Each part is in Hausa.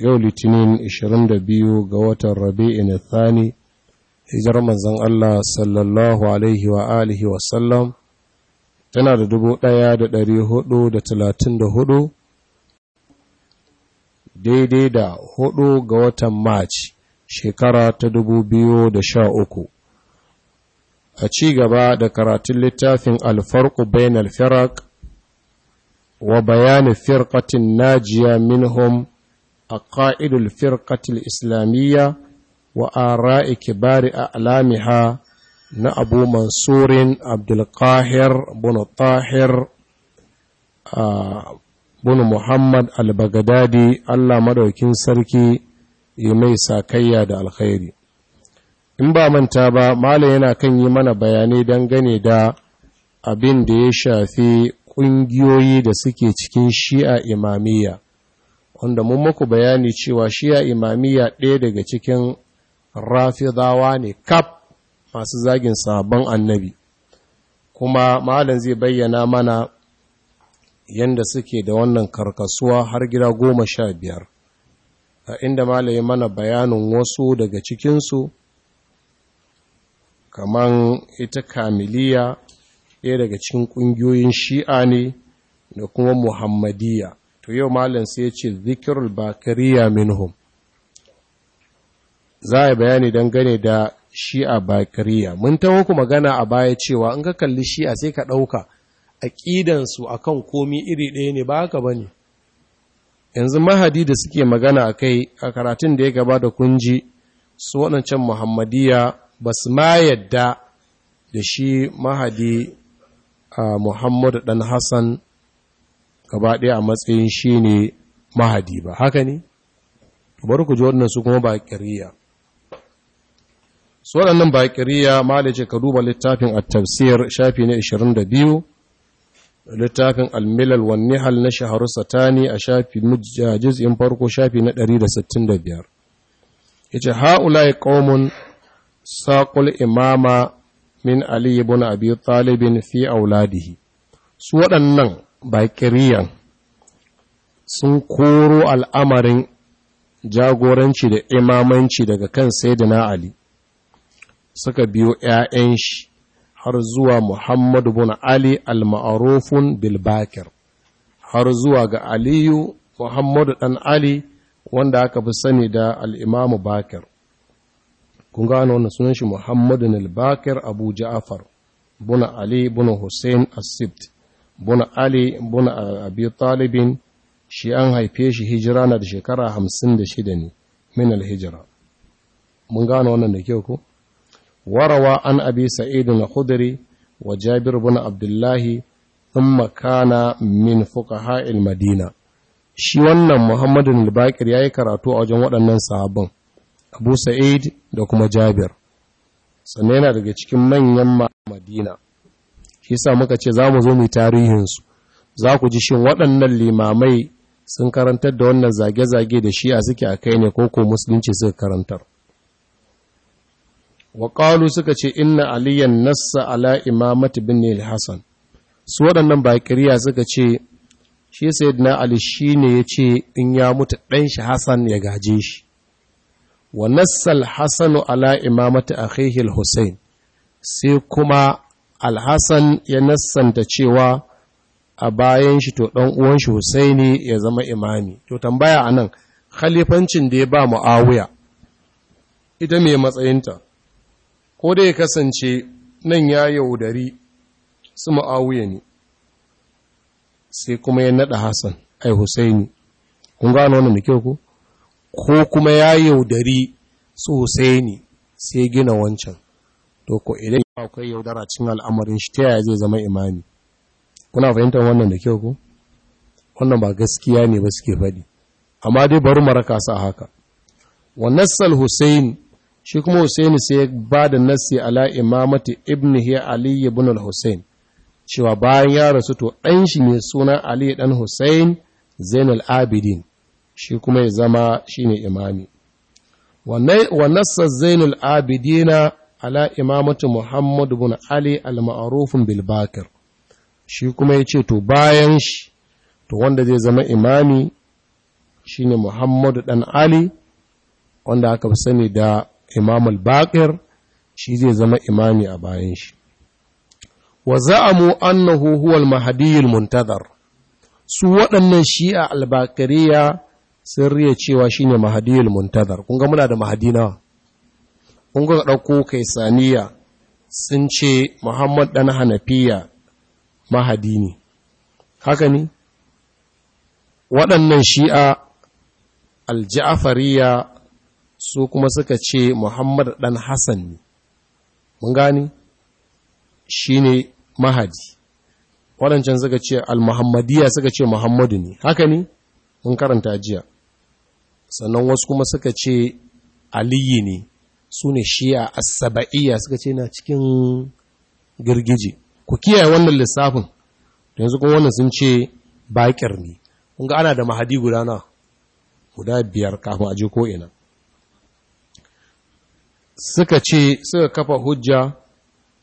yau litinin 22 ga watan rabi'in thani hijar manzan Allah sallallahu alaihi wa alihi wasallam tana da 1434 daidai da 4 ga watan march shekara ta 2013 a ci gaba da karatun littafin alfarku bayan alfarak wa bayanin firkatin najiya minhum أقائد الفرقة الإسلامية وآراء كبار أعلامها نأبو منصور عبد القاهر بن الطاهر بن محمد البغدادي الله مدوكين سركي يمي ساكيا دا الخيري in ba manta ba mala yana kan yi mana bayanai dangane da abin da ya shafi ƙungiyoyi da suke cikin shi'a imamiyya wanda mun muku bayani cewa shiya imamiya ɗaya daga cikin rafidawa ne kaf masu zagin sabon annabi kuma malam zai bayyana mana yadda suke da wannan karkasuwa har gida goma sha biyar a inda malaye mana bayanin wasu daga cikinsu kaman ita kamiliya ɗaya daga cikin ƙungiyoyin shi'a ne da kuma Muhammadiyya. to yau malam sai ya ce zikirul bakariya minhum za a bayani dangane da shi'a bakariya mun ta muku magana a baya cewa in ka kalli shi'a sai ka ɗauka aƙidansu a kan komi iri ɗaya ne ba haka ba ne yanzu mahadi da suke magana a kai a karatun da ya gaba da kunji su waɗancan muhammadiya ba su ma yadda da shi mahadi a muhammadu ɗan hassan gaba ɗaya a matsayin shi ne mahadi ba haka ne bari ku ji wannan su kuma baƙiriya su waɗannan baƙiriya malice ka duba littafin a tafsir shafi na 22 littafin almilal wa nihal na shaharu satani a shafi jiz'in farko shafi na 165 yace haula ya qaumun saqul imama min ali ibn abi talib fi auladihi su waɗannan bakiriyan sun koro al'amarin jagoranci da imamanci daga kan saidina ali suka biyo 'ya'yan shi har zuwa muhammadu bin ali al maarufin bilbakir har zuwa ga aliyu muhammadu dan ali wanda aka fi sani da al'imamu bakir kun gano wani sunan shi muhammadu al abu ja'afar buna ali buna hussein as buna ali buna abi talibin shi an haife shi hijira na da shekara hamsin da shida ne min hijira mun gane wannan da kyau ko warawa an abi sa'id na khudri wa jabir bin abdullahi thumma kana min fuqaha madina shi wannan Muhammad al-baqir yayi karatu a wajen waɗannan sahabban abu sa'id da kuma jabir sannan yana daga cikin manyan madina shi sa muka ce za mu zo mu tarihinsu za ku ji shi waɗannan limamai sun karantar da wannan zage-zage da shi a suke a kai ne ko ko musulunci suka karantar waƙalu suka ce inna aliyan nassa ala imamati bin hassan su waɗannan bakiriya suka ce shi sayyidina ali shi ne ya ce in ya mutu ɗan shi hassan ya gaje shi wa nassal hassanu ala a akhihi hussein sai kuma alhassan ya nassanta cewa a bayan shi to ɗan uwan shi husaini ya zama imami to tambaya a nan khalifancin da ya ba mu'awuya ita mai matsayinta ko da ya kasance nan ya yaudari su mu'awuya ne sai kuma ya naɗa hassan ai husaini kun gano wannan da kyau ko kuma ya yaudari su husaini sai gina wancan to ko idan akwai yaudara cikin al'amarin shi ta yaya zai zama imani kuna fahimtar wannan da kyau ko wannan ba gaskiya ne ba suke faɗi amma dai bari maraka sa haka wa nassal husayn shi kuma husayn sai ya ba da nassi ala imamati hiya ali ibn al-husayn cewa bayan ya rasu to ɗan shi ne suna ali dan husain zainal abidin shi kuma ya zama shine imami wa nassar zainul abidina ala imamatu Muhammadu bin Ali al-ma'arufin bilbakir shi kuma ya ce to bayan shi to wanda zai zama imami shi ne Muhammadu ɗan Ali wanda aka fi sani da imam al-bakir shi zai zama imami a bayan shi wa za'amu annahu huwa al-mahdi muntazar su waɗannan shi'a al-bakiriya sun riya cewa shine mahdi al-muntazar kun ga muna da mahdina nawa ƙunga ga ɗauko Saniya sun ce muhammad ɗan hanafiya mahadi ne haka ne waɗannan shi'a alja'afariya su kuma suka ce muhammad ɗan hassan ne mun gani shi ne mahadi waɗancan suka ce almuhammadiya suka ce muhammadu ne haka ne mun karanta jiya sannan wasu kuma suka ce aliyu ne su ne shiya asaba'iyya suka ce na cikin girgije ku kiyaye wannan lissafin yanzu kuma wannan sun ce baƙir ne kun ga ana da mahadi guda na guda biyar kafin aje ko ina suka ce suka kafa hujja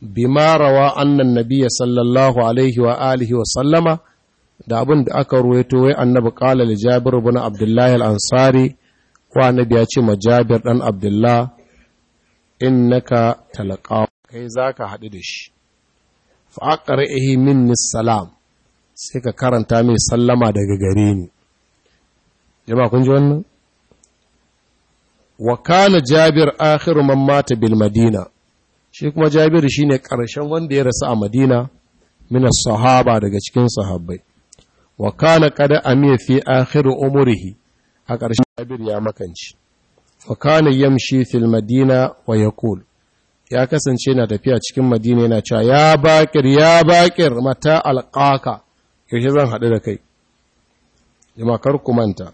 bima rawa annan nabiyya sallallahu alaihi wa alihi wa sallama da abin da aka ruwaito wai annabi qala li jabir ibn abdullah al-ansari wa annabi ya ce ma jabir dan abdullah In innaka talqa kai zaka haɗu da shi fa aqra'ihi minni salam sai ka karanta mai sallama daga gare ni jama'a kun ji wannan wa kana jabir akhiru man mata bil madina shi kuma jabir shine karshen wanda ya rasu a madina min sahaba daga cikin sahabbai wa kana qad amiya fi akhiru umrihi a karshen jabir ya makanci wa kana yamshi fil madina wa yaqul ya kasance yana tafiya cikin madina yana cewa ya bakir ya bakir mata alqaka yaushe zan haɗu da kai jama'a kar ku manta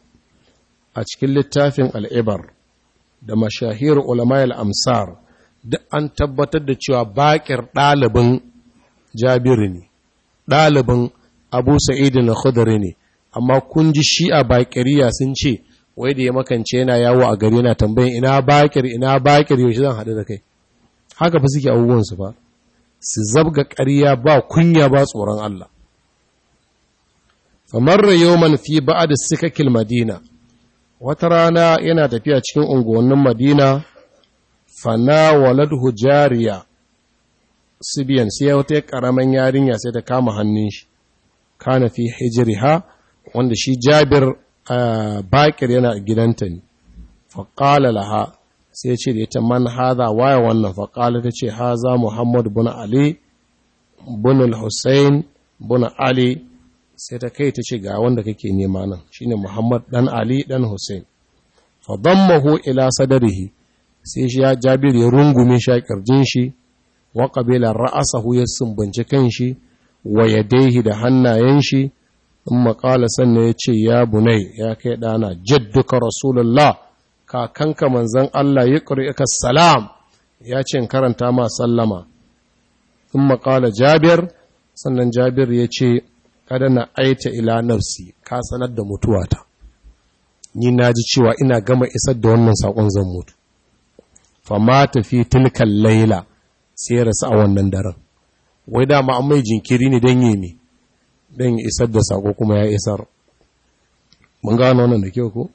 a cikin littafin al'ibar da mashahir ulama amsar duk an tabbatar da cewa bakir ɗalibin jabiru ne ɗalibin abu sa'idin na khudari ne amma kun ji shi a bakiriya sun ce wai da ya makance yana yawo a gari yana tambayin ina bakir ina bakir shi zan haɗu da kai haka fi suke abubuwansu ba su zabga ƙarya ba kunya ba tsoron Allah famarra man fi da sikakil madina wata rana yana tafiya cikin unguwannin madina fana waladhu jariya biyan sai wata karaman yarinya sai ta kama hannun shi kana fi hijiriha wanda shi jabir bakir yana gidanta ne faƙala laha sai ce da ita man haza waya wannan faƙala ta ce haza muhammadu buna ali bunul hussein buna ali sai ta kai ta ce ga wanda kake nema nan shine muhammad ɗan ali ɗan hussein fa dammahu ila sadarihi sai shi ya jabir ya rungume shi a kirjin shi wa qabila ra'asahu ya sumbunci kan shi wa yadaihi da hannayen shi in maƙala sannan ya ce ya bunai ya kai ɗana jadduka rasulullah kakanka manzan Allah ya ƙuri'ika salam ya ce in karanta ma sallama in maƙala jabir sannan jabir ya ce kada na aita ila nafsi ka sanar da mutuwata ni na ji cewa ina gama isar da wannan sakon zan mutu ma tafi tilkan laila sai rasu a wannan daren wai dama an mai jinkiri ne don yi mai don isar da sako kuma ya isar mun gano wannan da kyau ko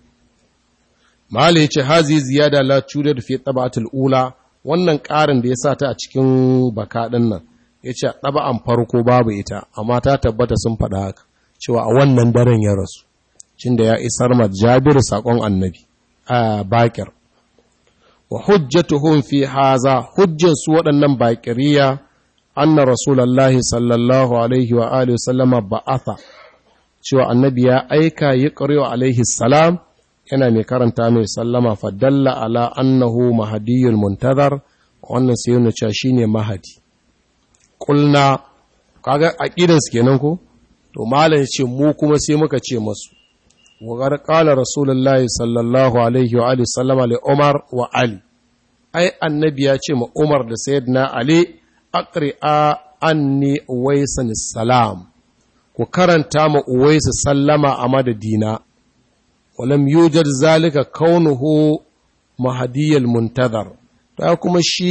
mali ce hazi ziyada la fiye fi tab'atul ula wannan ƙarin da ya sa ta a cikin baka din nan yace an farko babu ita amma ta tabbata sun faɗa haka cewa a wannan daren ya rasu cinda ya isar ma Jabir sakon annabi a Bakir wa hujjatuhum fi haza hujjansu su waɗannan bakiriya anna rasulallahi sallallahu alaihi wa alihi sallama ba'atha cewa annabi ya aika yi ƙarewa alaihi salam yana mai karanta mai sallama fadalla ala annahu mahadiyul muntazar wannan sai yana cewa shine mahadi kulna kaga aqidan su kenan ko to malam ce mu kuma sai muka ce masu wa qala rasulullahi sallallahu alaihi wa alihi sallama li umar wa ali ai annabi ya ce ma umar da sayyidina ali aqri'a anni waisan salam ku karanta ma uwaisu sallama a madadina walam yujar zalika kaunuhu mahadiyal muntazar ta kuma shi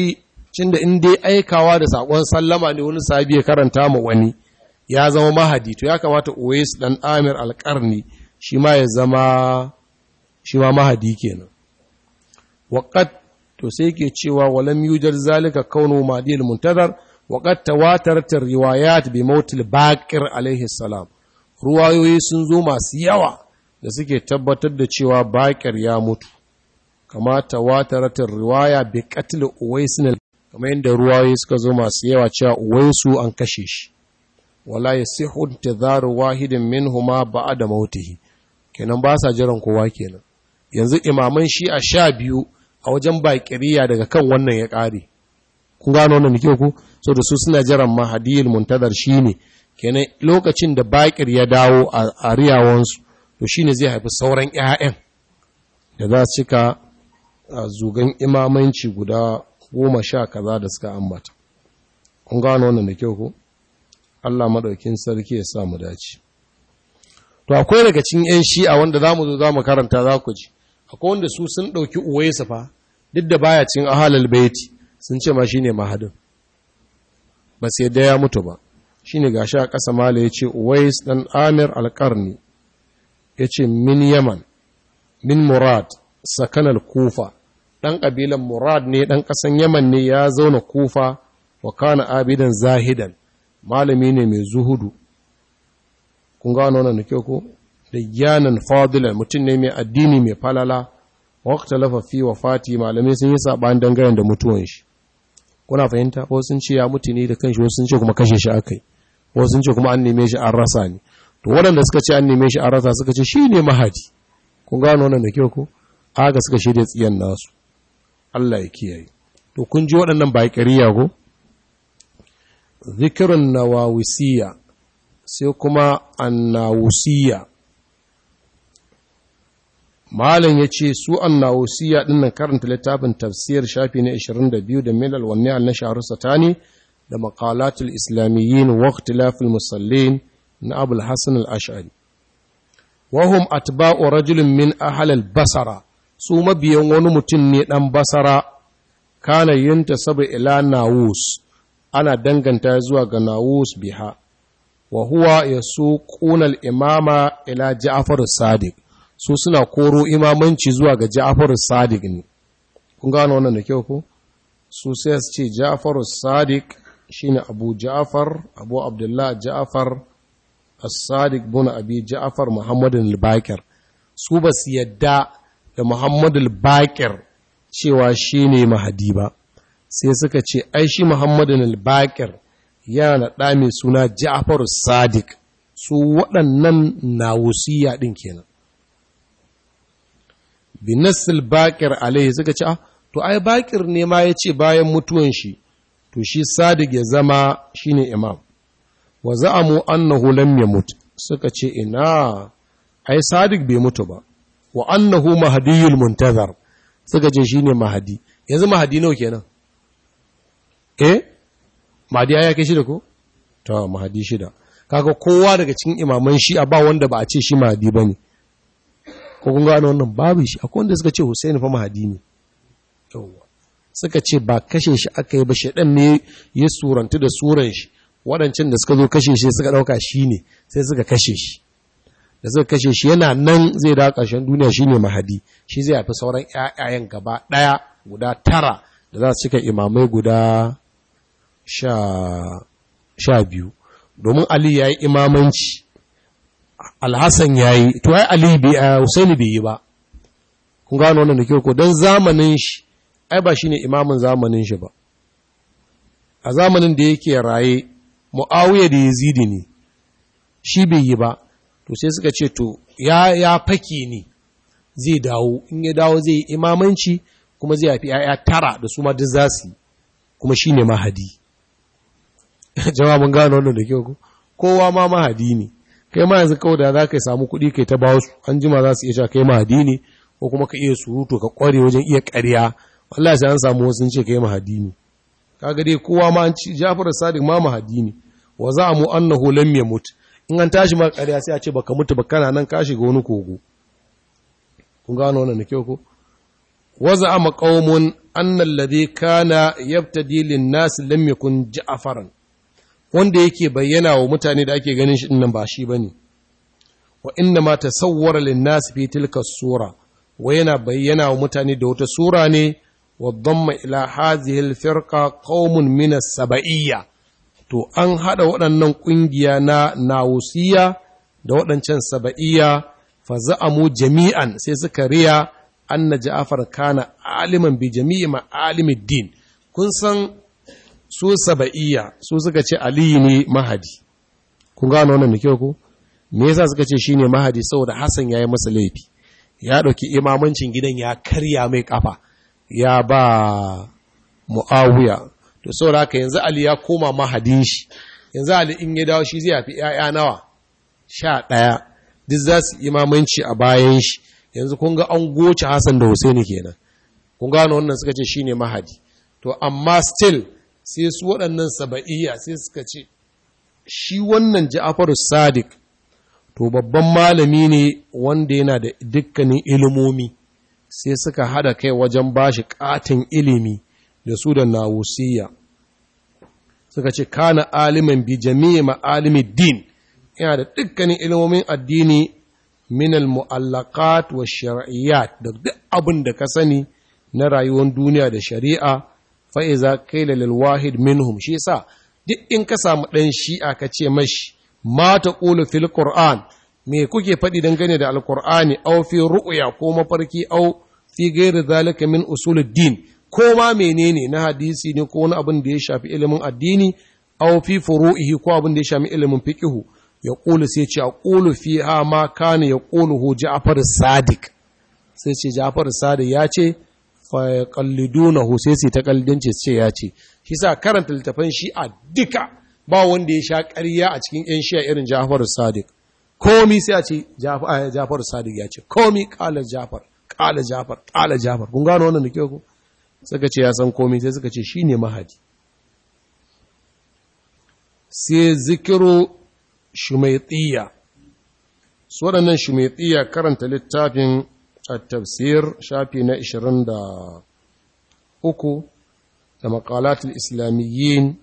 cinda in dai aikawa da sakon sallama ne wani sabi ya karanta ma wani ya zama mahadi to ya kamata uwais dan amir alƙarni shi ma ya zama shi ma mahadi kenan waqad to sai ke cewa walam yujar zalika kaunu madil muntazar wa qad tawatarat riwayat bi mautil baqir alayhi salam ruwayoyi sun zo masu yawa da suke tabbatar da cewa baqir ya mutu kama tawatarat riwaya bi qatl uwais kamar inda ruwayoyi suka zo masu yawa cewa uwaisu an kashe shi wala yasihu intizaru wahidin minhuma ba'da mautihi kenan ba sa jiran kowa kenan yanzu imaman shi a sha biyu a wajen baƙiriya daga kan wannan ya ƙare kun gano wannan nake ku so da su suna jiran ma hadiyil muntazar shine kenan lokacin da baƙir ya dawo a ariyawansu, to shine zai haifi sauran 'ya'yan da za su cika zugan imamanci guda goma sha kaza da suka ambata kun gano wannan da kyau ku Allah madaukin sarki ya sa mu dace to akwai daga cikin yan shi'a wanda zamu zo zamu karanta za ku ji akwai wanda su sun dauki uwaisa fa duk da baya cin ahalal baiti sun ce ma shi ne mahadin ba sai da ya mutu ba shi ne gashi a ƙasa mala yace Uwais dan Amir alƙarni ya ce min Yaman min Murad sakanal Kufa ɗan ƙabilan Murad ne dan ƙasan Yaman ne ya zauna Kufa wa kana abidan zahidan malami ne mai zuhudu kun gano nan da kyau ko da yanan fadila mutum ne mai addini mai falala waqtalafa fi Fati malamai sun yi sabani dangaren da mutuwan shi kuna fahimta ko sun ce ya mutu ne da kanshi wasu sun ce kuma kashe shi akai wasu sun ce kuma an neme shi an rasa ne to waɗanda suka ce an neme shi an rasa suka ce shi ne mahadi kun gano wannan da kyau ko aga suka shirya tsiyan nasu Allah ya kiyaye to kun ji waɗannan ba ƙariya ko zikrun nawawisiya sai kuma annawusiya malam ya ce su annawosiya ɗin nan karanta littafin tafsir shafi na 22 da milal wanne al na shaharu satani da makalatul islamiyyin Waqti lafil musallin na abul hasan Wahum ashari wahum atba'u rajulin min a halal basara su mabiyan wani mutum ne ɗan basara kana saba ila nawus ana danganta zuwa ga nawus biha wa huwa su ƙunar imama ila ja'far sadiq su suna koro imamanci zuwa ga jafaru Sadiq ne kun gano wannan da kyau ko su sai su ce Ja'far Sadiq shine Abu Ja'far Abu Abdullah Ja'far As-Sadiq bin Abi Ja'far Muhammad al-Baqir su ba su yadda da Muhammad al-Baqir cewa shine Mahdi ba sai suka ce ai shi Muhammad al-Baqir yana da mai suna jafaru Sadiq su waɗannan na Wusiya din kenan bi bakir alaihi suka ce ah to ai bakir ne ma ya ce bayan mutuwan shi to shi sadiq ya zama shine imam wa za'amu annahu lam yamut suka ce ina ai sadiq bai mutu ba wa annahu mahdiyul muntazar suka ce shine mahdi yanzu mahdi nawa kenan eh mahdi ya kai shida ko to mahdi shida kaga kowa daga cikin imaman shi a ba wanda ba a ce shi mahdi bane ko kun gano wannan babu shi akwai wanda suka ce Hussein fa mahadi ne suka ce ba kashe shi aka yi ba shedan ne ya suranta da suran shi waɗancan da suka zo kashe shi suka ɗauka shi ne sai suka kashe shi da suka kashe shi yana nan zai da ƙarshen duniya shi ne mahadi shi zai haifi sauran 'ya'yan gaba ɗaya guda tara da za su cika imamai guda sha biyu domin ali ya yi imamanci alhassan ya yi to ai ali bi a eh, husaini bi yi ba kun gano wannan da ke ko don zamanin shi ai ba shine imamin zamanin shi ba a zamanin da yake raye muawiya da yazidi ne shi bi yi ba to sai suka ce to ya ya fake ne zai dawo in ya dawo zai yi imamanci kuma zai yafi 'ya'ya tara da su ma duk zasu kuma shine mahadi jawabin gano wannan da ke ko kowa ma mahadi ne kai ma yanzu kawai da za ka samu kuɗi kai ta ba su an jima za su iya sha kai ma Hadini, ko kuma ka iya surutu ka ƙware wajen iya ƙarya wallahi shi an samu wasu ce kai ma Hadini. kaga dai kowa ma an ci Ja'far Sadiq ma ma ne wa za mu annahu lam yamut in an tashi ma ƙarya sai a ce baka mutu ba kana nan ka shiga wani kogo kun gano wannan kyau ko wa anna alladhi kana yabtadi lin nas lam yakun ja'faran wanda yake bayyana wa mutane da ake ganin shi nan ba shi bane wa inna ma tasawwara lin-nas fi tilka sura wa yana bayyana wa mutane da wata sura ne wa dhamma ila hadhihi al-firqa qaumun min as-sab'iyya to an hada waɗannan kungiya na nawusiya da waɗancan sab'iyya fa za'amu jami'an sai suka riya anna ja'far kana aliman bi jami'i ma'alimid din kun san su saba'iyya su suka ce aliyu ne mahadi kun gano wannan da kyau ko me yasa suka ce shine mahadi saboda hassan yayi masa laifi ya dauki imamancin gidan ya karya mai kafa ya ba muawiya to saboda haka yanzu ali ya koma mahadin shi yanzu ali in ya dawo shi zai yafi yaya nawa sha ɗaya duk za su imamanci a bayan shi yanzu kun ga an goce hassan da husaini kenan kun gano wannan suka ce shine mahadi to amma still sai su waɗannan saba'iyya sai suka ce shi wannan ja'afaru sadiq to babban malami ne wanda yana da dukkanin ilimomi sai suka hada kai wajen bashi katin ilimi da su da nawusiyya suka ce kana aliman bi jami'i ma'alimi din yana da dukkanin ilimomin addini min al-mu'allaqat wa shari'a da duk abin da ka sani na rayuwar duniya da shari'a fa kai qila wahid minhum shi yasa duk in ka samu ɗan shi'a ka ce mashi mata taqulu fil qur'an me kuke faɗi dangane da alqur'ani Au fi ru'uya ko mafarki au fi ghairi zalika min usuluddin ko ma menene na hadisi ne ko wani abin da ya shafi ilimin addini Au fi furu'ihi ko abin da ya shafi ilimin fiqhu ya ƙulu sai ce a ƙulu fi ha ma ya ƙulu hu jafar sadik sai ce jafar sadik ya ce fa yaqallidunahu sai su ta kallidince ce ya ce shi sa karanta littafan shi'a duka ba wanda ya sha ƙarya a cikin yan shi'a irin Ja'far Sadiq komi sai a ce eh, Ja'far Sadiq ya ce komi kala Ja'far kala Ja'far kala Ja'far kun gano wannan da kyau ku? suka ce ya san komi sai suka ce shi ne mahadi sai zikiro shumaitiya, su waɗannan shumaitiya karanta littafin A شافي shafi na أكو da makalatul islamiyyin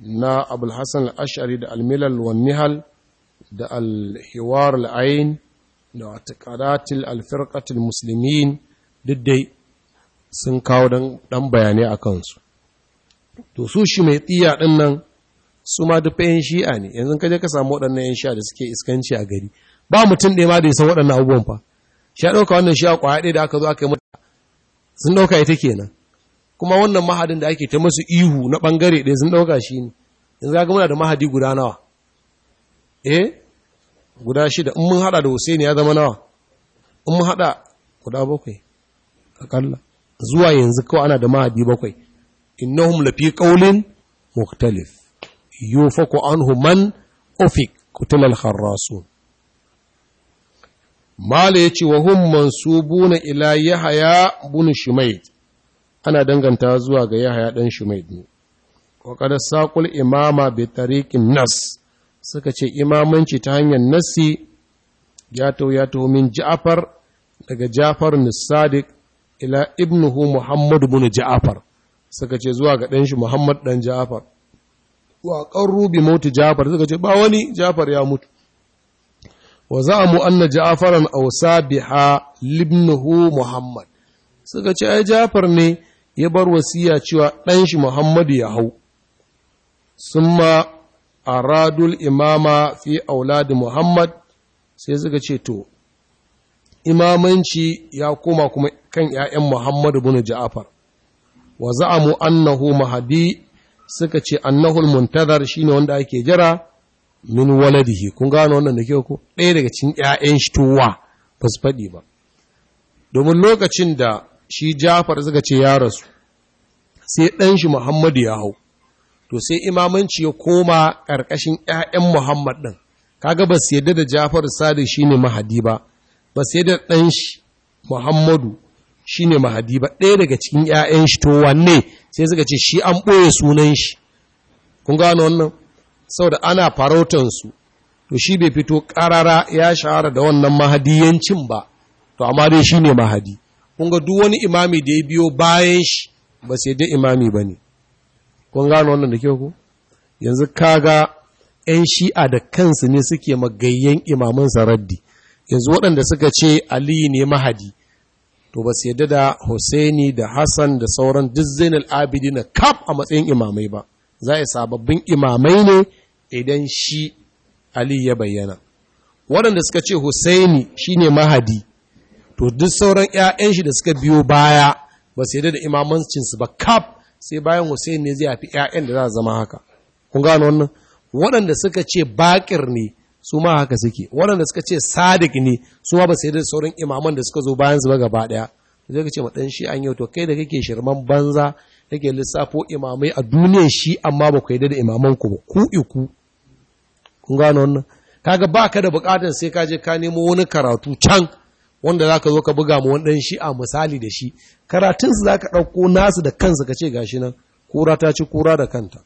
na Abulhassan hassan da almilal wa da alhiwar al'ayin da atakadatul alfirkatul musulmin diddai sun kawo dan bayanai a kansu to su shi mai tsiya ɗin nan su ma duk yan shi'a ne yanzu kaje ka samu waɗannan yan shi'a da suke iskanci a gari ba mutum ɗaya ma da ya san waɗannan fa sha ɗauka wannan shi a ƙwaya ɗaya da aka zo aka yi mata sun ɗauka ita kenan kuma wannan mahadin da ake ta masu ihu na ɓangare ɗaya sun ɗauka shi ne in za ga muna da mahadi guda nawa eh guda shida in mun haɗa da Hussein ya zama nawa in mun haɗa guda bakwai akalla zuwa yanzu kawai ana da mahadi bakwai innahum lafi qaulin ku yufaku anhu man ufik kutilal kharrasun Mala ya ce wa hun mansubuna ila Yahaya bin Shumaid ana danganta zuwa ga Yahaya ɗan Shumaid ne wa qad saqul imama bi tariqin nas suka ce imamanci ta hanyar nasi ya to ya to min Ja'far daga Ja'far bin Sadiq ila ibnuhu Muhammad bin Ja'far suka ce zuwa ga dan shi Muhammad dan Ja'far wa qarru bi mauti Ja'far suka ce ba wani Ja'far ya mutu wa za'amu anna ja'faran awsa biha libnuhu muhammad suka ce ai ja'far ne ya bar wasiya cewa ɗan shi muhammadu ya hau summa aradul imama fi auladi muhammad sai suka ce to imamanci ya koma kuma kan ‘ya'yan Muhammadu bin Ja'afar, wa za'amu annahu mahadi suka ce annahul muntazar shi ne wanda ake jira, min waladihi kun gano wannan da kyau ko ɗaya daga cikin ƴaƴan shi towa ba su faɗi ba domin lokacin da shi Jafar suka ce ya rasu sai ɗan shi Muhammadu ya hau to sai imamanci ya koma ƙarƙashin ƴaƴan Muhammad ɗin kaga ba su yadda da Jafar Sadiq shine mahadi ba ba su yadda ɗan shi Muhammadu shine mahadi ba ɗaya daga cikin ƴaƴan shi to wanne sai suka ce shi an ɓoye sunan shi kun gano wannan saboda ana farautansu to shi bai fito karara ya shahara da wannan mahadiyancin ba to amma dai shi ne mahadi kun duk wani imami da ya biyo bayan shi ba sai dai imami ba ne kun gano wannan da kyau ku yanzu kaga 'yan shi'a da kansu ne suke magayyan imaman saraddi yanzu waɗanda suka ce aliyu ne mahadi to ba su yadda da Hussaini da Hassan da sauran duk Zainal na kaf a matsayin imamai ba za a yi sababbin imamai ne idan shi Ali ya bayyana waɗanda suka ce Husaini ne mahadi to duk sauran 'ya'yan shi da suka biyo baya ba su yadda da imamancinsu ba kaf sai bayan Husaini ne zai hafi 'ya'yan da za a zama haka kun gano wannan waɗanda suka ce bakir ne su ma haka suke waɗanda suka ce sadik ne su ma ba su yadda sauran imaman da suka zo bayan su ba gaba ɗaya zai ka ce ma ɗan shi an yau to kai da kake shirman banza nake lissafo imamai a duniyar shi amma ba ku yi da imaman ku ba ku iku kun gano wannan kaga ba ka da bukatar sai ka je ka nemo wani karatu can wanda za ka zo ka buga mu wani shi a misali da shi karatunsu za ka ɗauko nasu da kansu ka ce gashi nan kura ta ci kura da kanta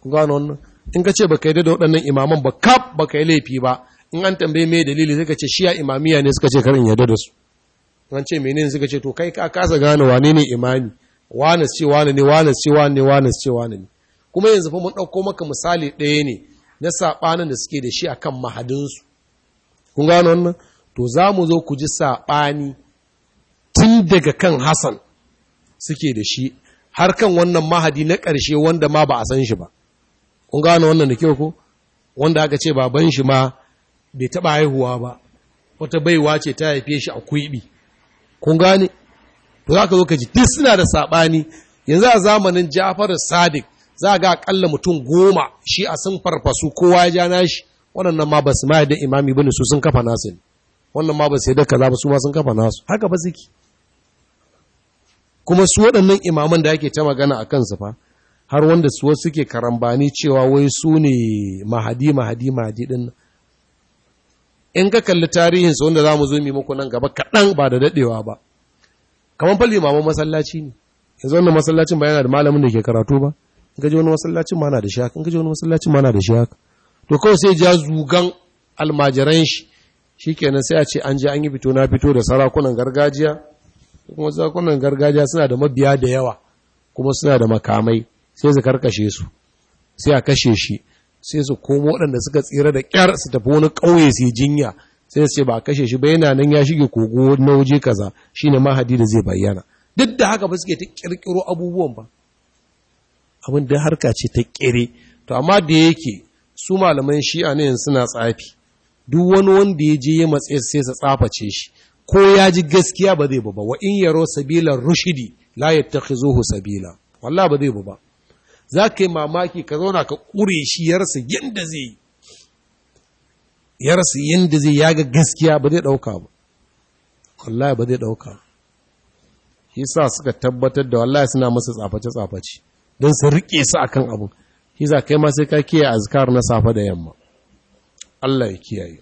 kun gano wannan in ka ce ba ka yi da waɗannan imaman ba kaf ba ka yi laifi ba in an tambaye mai dalili ka ce shiya imamiya ne suka ce karin yadda da su an ce menene suka ce to kai ka kasa gane wane ne imami wane ce wane ne wane ce wane ne wane ce wane ne kuma yanzu fa mun ɗauko maka misali ɗaya ne na saɓanin da suke da shi a kan mahadinsu kun gano wannan to za mu zo ku ji saɓani tun daga kan hassan suke da shi har kan wannan mahadi na ƙarshe wanda ma ba a san shi ba kun gano wannan da kyau ko wanda aka ce baban shi ma bai taɓa haihuwa ba wata baiwa ce ta haife shi a kwiɓi kun gane to za ka zo ka ji duk suna da saɓani yanzu a zamanin jafar sadiq za ga akalla mutum goma shi a sun farfasu kowa ya ja nashi waɗannan ma ba su ma yadda imami bane su sun kafa nasu ne wannan ma ba su yadda kaza ba su ma sun kafa nasu haka ba ziki kuma su waɗannan imaman da ake ta magana a kansu fa har wanda su wasu suke karambani cewa wai su ne mahadi mahadi mahadi din in ka kalli tarihinsu wanda za mu zo muku nan gaba kaɗan ba da daɗewa ba kamar fa limaman masallaci ne yanzu wannan masallacin ba yana da malamin da ke karatu ba in gaji wani masallacin ma na da shi haka in gaji wani masallacin ma na da shi haka to kawai sai ja zugan almajiran shi shikenan sai a ce an je an yi fito na fito da sarakunan gargajiya kuma sarakunan gargajiya suna da mabiya da yawa kuma suna da makamai sai su karkashe su sai a kashe shi sai su komo waɗanda suka tsira da ƙyar su tafi wani ƙauye su yi jinya sai sai ba kashe shi ba yana nan ya shige kogo na waje kaza shine mahadi da zai bayyana duk da haka ba suke ta kirkiro abubuwan ba abin da harka ce ta kere to amma da yake su malaman shi'a ne suna tsafi duk wani wanda ya je ya matse sai sa tsaface shi ko ya ji gaskiya ba zai ba wa in yaro sabila rushidi la yattakhizuhu sabila wallahi ba zai ba za yi mamaki ka zauna ka ƙure shi yadda zai yi ya rasa yadda zai yaga gaskiya ba zai ɗauka ba wallahi ba zai ɗauka shi sa suka tabbatar da wallahi suna masa tsaface-tsaface don su riƙe su akan abu shi za kai ma sai ka kiyaye a azkar na safe da yamma Allah ya kiyaye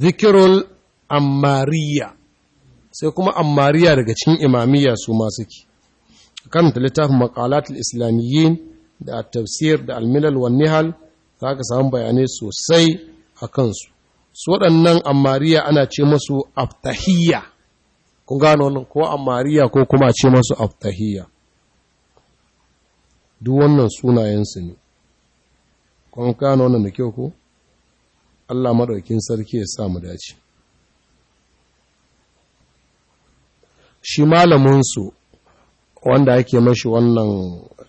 zikirul ammariya sai kuma ammariya daga cikin imamiyya su ma suke kan littafin maqalatul islamiyyin da tafsir da al-milal wan-nihal za ka samu bayanai sosai a kansu su waɗannan amariya ana ce masu aftahiyya kun gano wannan ko amariya ko kuma ce masu aftahiyya duk wannan sunayensu ne kun gano wannan da kyau ko Allah maɗaukin sarki ya samu dace shi malaminsu wanda ake mashi wannan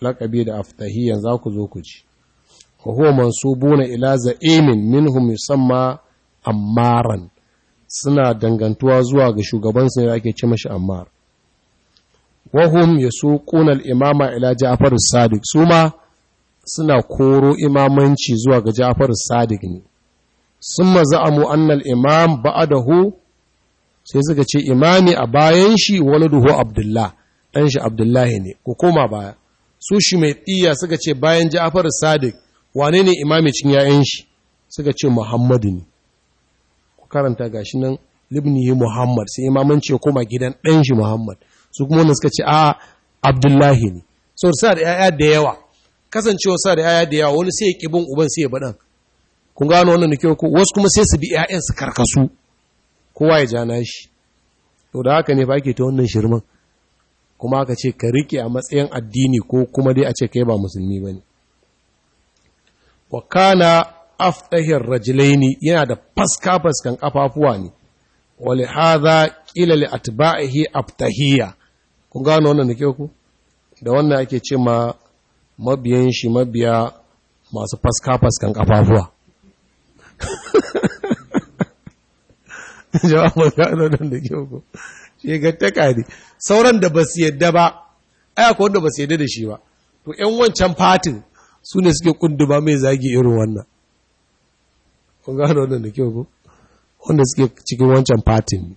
lakabi da aftahiyan za ku zo ku ci wa huwa mansubuna Ilaza, za'imin minhum yusamma ammaran suna dangantuwa zuwa ga shugabansu da ake ci mashi ammar wahum yasuquna al-imama ila ja'far as-sadiq suma suna koro imamanci zuwa ga ja'far as-sadiq ne summa za'amu anna al-imam ba'dahu sai suka ce imami a bayan shi waladuhu abdullah dan shi abdullahi ne ko koma baya su shi mai tsiya suka ce bayan ja'far as-sadiq wane ne imami cin ‘ya'yan shi suka ce Muhammadu ne ku karanta gashi nan yi Muhammad sai imamanci ce koma gidan ɗan shi Muhammad su kuma wanda suka ce a Abdullahi ne sau sa da ‘ya'ya da yawa kasancewa sa da ‘ya'ya da yawa wani sai ya ƙibin uban sai ya baɗan kun gano wannan nake ko wasu kuma sai su bi ‘ya'yan su karkasu kowa ya ja shi to da haka ne ba ke ta wannan shirman kuma aka ce ka rike a matsayin addini ko kuma dai a ce kai ba musulmi ba ne wa kana afdahir rajlaini yana da faska faskan kafafuwa ne wa li hadha qila li atba'ihi aftahiya kun gano wannan nake ku da wannan ake ce ma mabiyan shi mabiya masu faska faskan kafafuwa jawabin gano nan da ke ku shi ga taka ne sauran da basu yadda ba ai akwai wanda basu yadda da shi ba to ƴan wancan fatin su ne suke kunduma mai zagi irin wannan kun gano wannan da kyau ko wanda suke cikin wancan fatin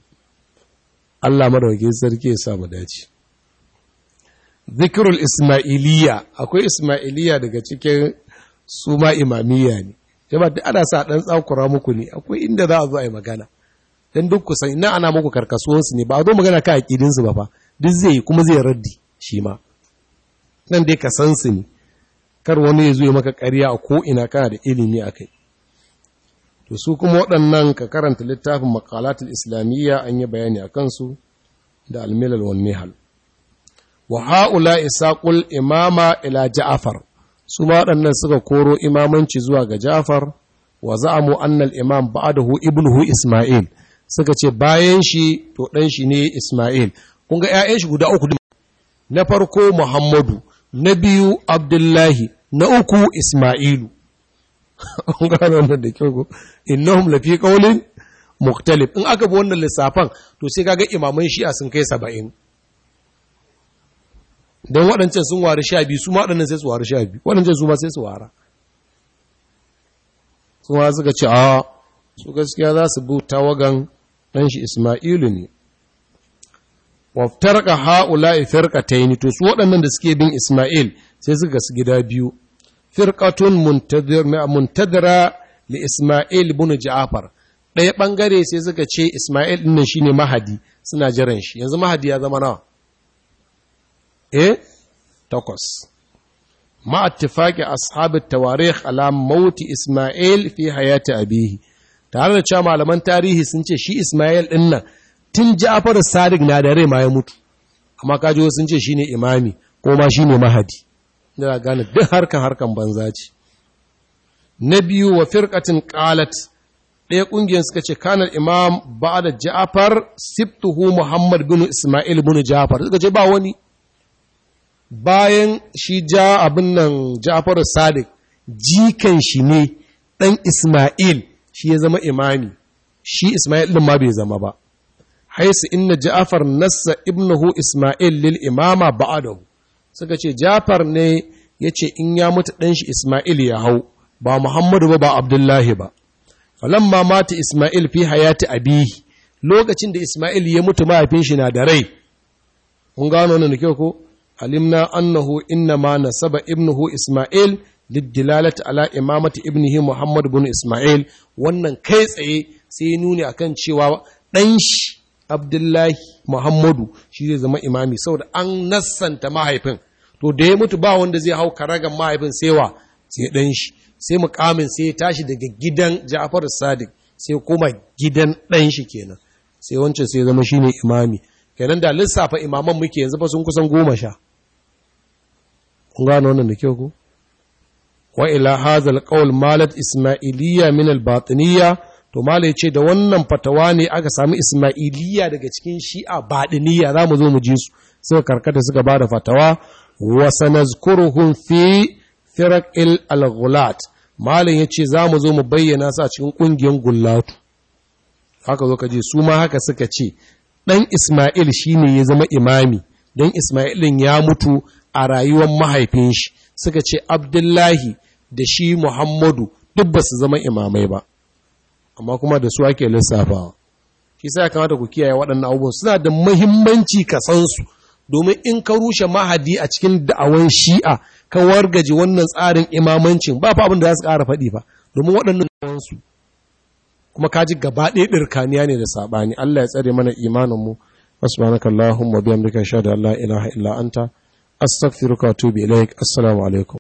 Allah madawake sarki ya sa mu dace zikirul ismailiya akwai ismailiya daga cikin suma imamiya ne jama duk ana sa dan tsakura muku ne akwai inda za a zo a yi magana dan duk kusan ina ana muku karkasuwan su ne ba a zo magana ka akidin su ba fa duk zai kuma zai raddi shi ma nan dai ka san su ne kar wani ya zo maka ƙarya a ko'ina kana da ilimi a kai to su kuma waɗannan ka karanta littafin makalatul islamiyya an yi bayani a kansu da almilal wa nihal wa ha'ula imama ila ja'afar su ma waɗannan suka koro imamanci zuwa ga ja'afar wa za'amu annal imam ba'dahu ibnuhu isma'il suka ce bayan shi to ɗan shi ne isma'il kun ga 'ya'yan shi guda uku na farko muhammadu na biyu abdullahi na uku isma'ilu an gano wannan da kyau innahum lafi qaulin muktalif in aka bi wannan lissafan to sai kaga imaman shi'a sun kai saba'in don waɗancan sun wari sha biyu su ma waɗannan sai su wari sha biyu waɗancan su ma sai su wara su ma suka ce a su gaskiya za su bu tawagan ɗan shi ismailu ne wa tarqa haula'i firqatayn to su waɗannan da suke bin Isma'il sai suka su gida biyu firkatun muntadira li Isma'il bunu Ja'far ɗaya ɓangare sai suka ce Ismail ɗin shi ne mahadi suna jiran shi yanzu mahadi ya zama nawa E, takwas ma ittifaqi ashab tawarikh ala Ismail fi hayati abihi tare da cewa malaman tarihi sun ce shi Ismail ɗinnan nan tun Jafaru Sadiq na da rai ma ya mutu amma kaji sun ce shi ne imami ko ma shi ne mahadi da gane duk harkan harkan banza ce na biyu wa firkatin kalat ɗaya ƙungiyar suka ce kanar imam ba da ja'afar siftuhu muhammad bin ismail bin ja'afar suka ce ba wani bayan shi ja abin nan ja'afar sadiq jikan shi ne ɗan ismail shi ya zama imami shi ismail ɗin ma bai zama ba haisu inna jafar nassa ibnuhu isma'il lil imama ba'adahu suka ce ja'far ne ya ce in ya mutu ɗan shi isma'il ya hau ba muhammadu ba ba abdullahi ba falamma mata isma'il fi hayati abihi lokacin da isma'il ya mutu mahaifin shi na da rai mun gano wannan kyau ko alimna annahu inna ma nasaba ibnuhu isma'il lidilalati ala imamati ibnihi muhammad bin isma'il wannan kai tsaye sai nuni akan cewa ɗan shi abdullahi muhammadu shi zai zama imami saboda an nassanta mahaifin to da ya mutu ba wanda zai hau karagan mahaifin sewa sai dan shi sai mukamin sai ya tashi daga gidan ja'far sadiq sai kuma gidan ɗanshi shi kenan sai wancan sai zama shine imami kenan da lissafa imaman muke yanzu fa sun kusan goma sha kun gano wannan da kyau ko wa ila hazal qawl malat ismailiyya min al-batiniyya to mala ya ce da wannan fatawa ne aka sami ismailiya daga cikin shi'a baɗiniya za mu zo mu ji su suka karkata suka ba da fatawa wa sanazkuruhum fi il al malin yace za mu zo mu bayyana su a cikin ƙungiyar gullatu haka zo ka je su ma haka suka ce ɗan Ismail shi ne ya zama imami dan Ismailin ya mutu a rayuwar mahaifin shi suka ce Abdullahi da shi Muhammadu duk ba su zama imamai ba amma kuma da su ake lissafawa shi sai kamata ku kiyaye waɗannan abubuwan suna da muhimmanci ka san su domin in ka rushe mahadi a cikin da'awan shi'a ka wargaje wannan tsarin imamancin ba fa abin da za su ƙara faɗi ba domin waɗannan su kuma ka ji gaba ɗaya ɗirkaniya ne da saɓani Allah ya tsare mana imaninmu subhanaka allahumma bihamdika ashhadu an la ilaha illa anta astaghfiruka wa atubu ilaik assalamu alaikum